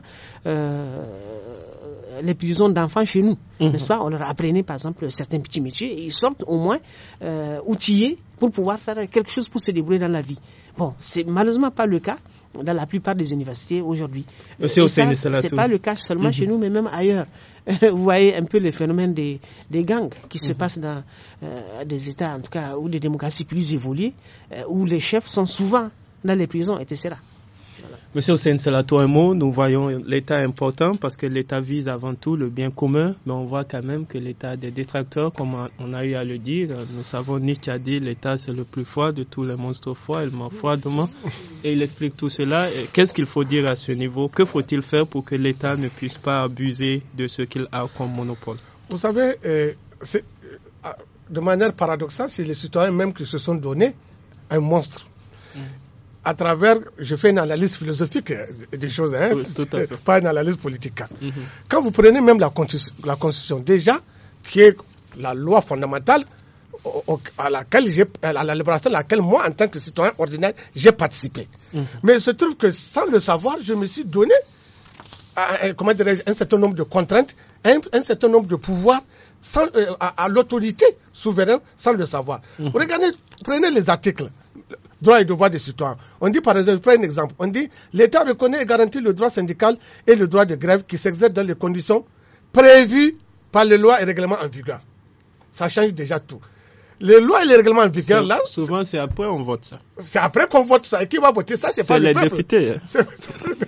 euh, les prisons d'enfants chez nous, mhm. n'est-ce pas On leur apprenait par exemple certains petits métiers et ils sortent au moins euh, outillés pour pouvoir faire quelque chose pour se débrouiller dans la vie. Bon, c'est malheureusement pas le cas dans la plupart des universités aujourd'hui. Euh, c'est n'est pas le cas seulement mhm. chez nous, mais même ailleurs. Vous voyez un peu le phénomène des, gangs qui se mhm. passent dans des États, en tout cas, ou des démocraties plus évoluées, où les chefs sont souvent dans les prisons, etc. Monsieur là tout un mot. nous voyons l'État important parce que l'État vise avant tout le bien commun, mais on voit quand même que l'État des détracteurs, comme on a eu à le dire. Nous savons, Nietzsche a dit, l'État c'est le plus froid de tous les monstres froids, il ment froidement. Et il explique tout cela. Qu'est-ce qu'il faut dire à ce niveau Que faut-il faire pour que l'État ne puisse pas abuser de ce qu'il a comme monopole Vous savez, euh, euh, de manière paradoxale, c'est les citoyens même qui se sont donnés un monstre. Mm à travers, je fais une analyse philosophique euh, des choses, hein, pas une analyse politique. Mhm. Quand vous prenez même la constitution, déjà, qui est la loi fondamentale à laquelle j'ai, à la libération à laquelle moi, en tant que citoyen ordinaire, j'ai participé. Mhm. Mais il se trouve que sans le savoir, je me suis donné, un certain nombre de contraintes, un, certain nombre de pouvoirs sans, euh, à, l'autorité souveraine sans le savoir. Mhm. Regardez, prenez les articles droit et devoirs des citoyens. On dit par exemple, je prends un exemple, on dit l'État reconnaît et garantit le droit syndical et le droit de grève qui s'exerce dans les conditions prévues par les lois et règlements en vigueur. Ça change déjà tout. Les lois et les règlements en là. Souvent, c'est après on vote ça. C'est après qu'on vote ça. Et qui va voter ça, c'est pas, le peuple. C'est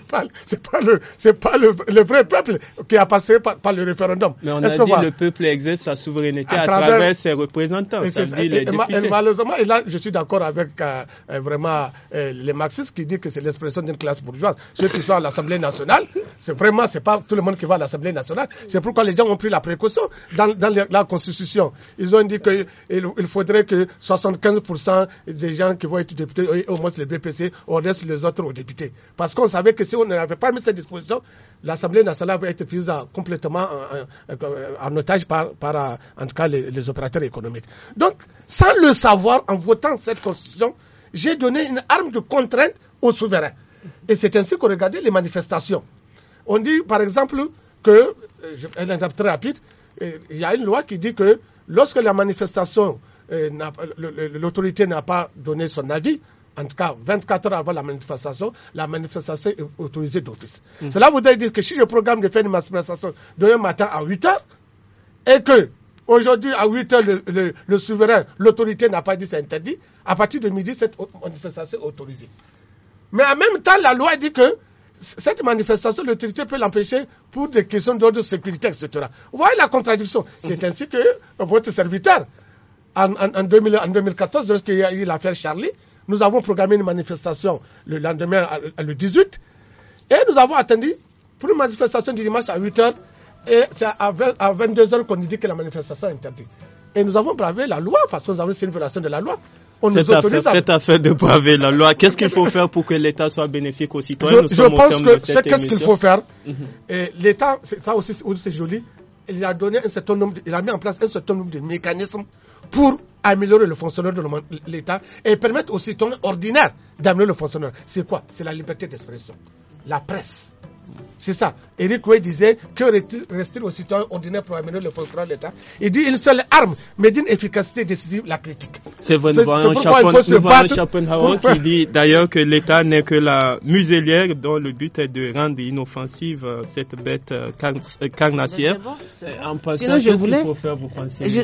pas, pas, le, pas le, vrai peuple qui a passé par, le référendum. Mais on a dit le peuple exerce sa souveraineté à, travers... ses représentants. Ça les députés. Et malheureusement, et là, je suis d'accord avec euh, euh, vraiment euh, les marxistes qui disent que c'est l'expression d'une classe bourgeoise. Ceux qui sont à l'Assemblée nationale, c'est vraiment, c'est pas tout le monde qui va à l'Assemblée nationale. C'est pourquoi les gens ont pris la précaution dans, la Constitution. Ils ont dit que il faudrait que 75% des gens qui vont être députés, au moins les BPC, on laisse les autres aux députés. Parce qu'on savait que si on n'avait pas mis cette disposition, l'Assemblée nationale va être prise complètement euh, en, otage par, euh, en tout cas, les, opérateurs économiques. Donc, sans le savoir, en votant cette constitution, j'ai donné une arme de contrainte aux souverains. Et c'est ainsi qu'on regardait les manifestations. On dit, par exemple, que, euh, je est très rapide, il y a une loi qui dit que Lorsque la manifestation, euh, l'autorité n'a pas donné son avis, en tout cas 24 heures avant la manifestation, la manifestation est autorisée d'office. Mm-hmm. Cela voudrait dire que si le programme de faire une manifestation demain matin à 8 heures, et que aujourd'hui à 8 heures, le, le souverain, l'autorité n'a pas dit c'est interdit, à partir de midi, cette manifestation est autorisée. Mais en même temps, la loi dit que cette manifestation, l'autorité peut l'empêcher pour des questions d'ordre sécurité, etc. Vous voyez la contradiction. C'est ainsi que votre serviteur, en, 2014, lorsqu'il y a eu l'affaire Charlie, nous avons programmé une manifestation le lendemain, le 18, et nous avons attendu pour une manifestation du dimanche à 8h, et c'est à, 22h qu'on nous dit que la manifestation est interdite. Et nous avons bravé la loi, parce que nous avons une violation de la loi on à... Cette affaire de braver la loi, qu'est-ce qu'il faut faire pour que l'État soit bénéfique aux citoyens Je, pense que c'est qu'est-ce qu'il faut faire. Mhm. L'État, ça aussi c'est joli, il a donné un certain nombre, il a mis en place un certain nombre de mécanismes pour améliorer le fonctionnement de l'État et permettre aux citoyens ordinaires d'améliorer le fonctionnement. C'est quoi C'est la liberté d'expression, la presse. C'est ça. Eric Way disait que rester t il aux citoyens ordinaires pour améliorer le fonctionnement de l'État Il dit une seule arme, mais d'une efficacité décisive, la critique. C'est Schopenhauer qui dit d'ailleurs que l'État n'est que la muselière dont le but est de rendre inoffensive euh, cette bête carnassière. je voulais.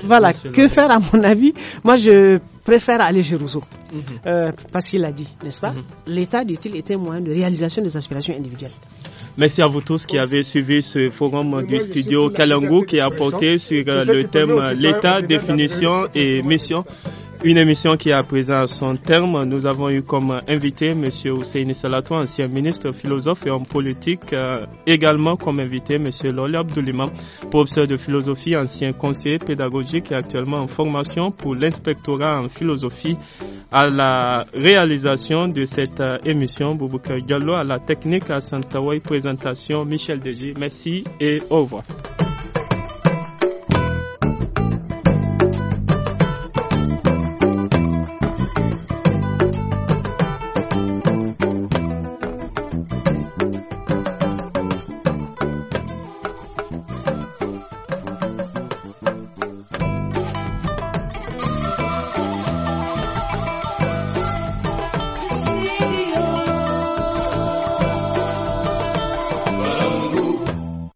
voilà, que faire à mon avis Moi, je préfère aller chez Rousseau mhm. euh, parce qu'il a dit, n'est-ce pas mhm. L'État, dit-il, était moyen de réalisation des aspirations individuelles. Merci à vous tous qui avez suivi ce forum du studio Kalangu qui a porté sur euh, le thème l'État, définition et mission. Une émission qui est à présent à son terme. Nous avons eu comme invité M. Hussein Salato, ancien ministre, philosophe et homme politique. Euh, également comme invité M. Loli Abdoulimam, professeur de philosophie, ancien conseiller pédagogique et actuellement en formation pour l'inspectorat en philosophie. À la réalisation de cette euh, émission, Boubouka Diallo, à la technique, à Santawai, présentation, Michel Deji. Merci et au revoir.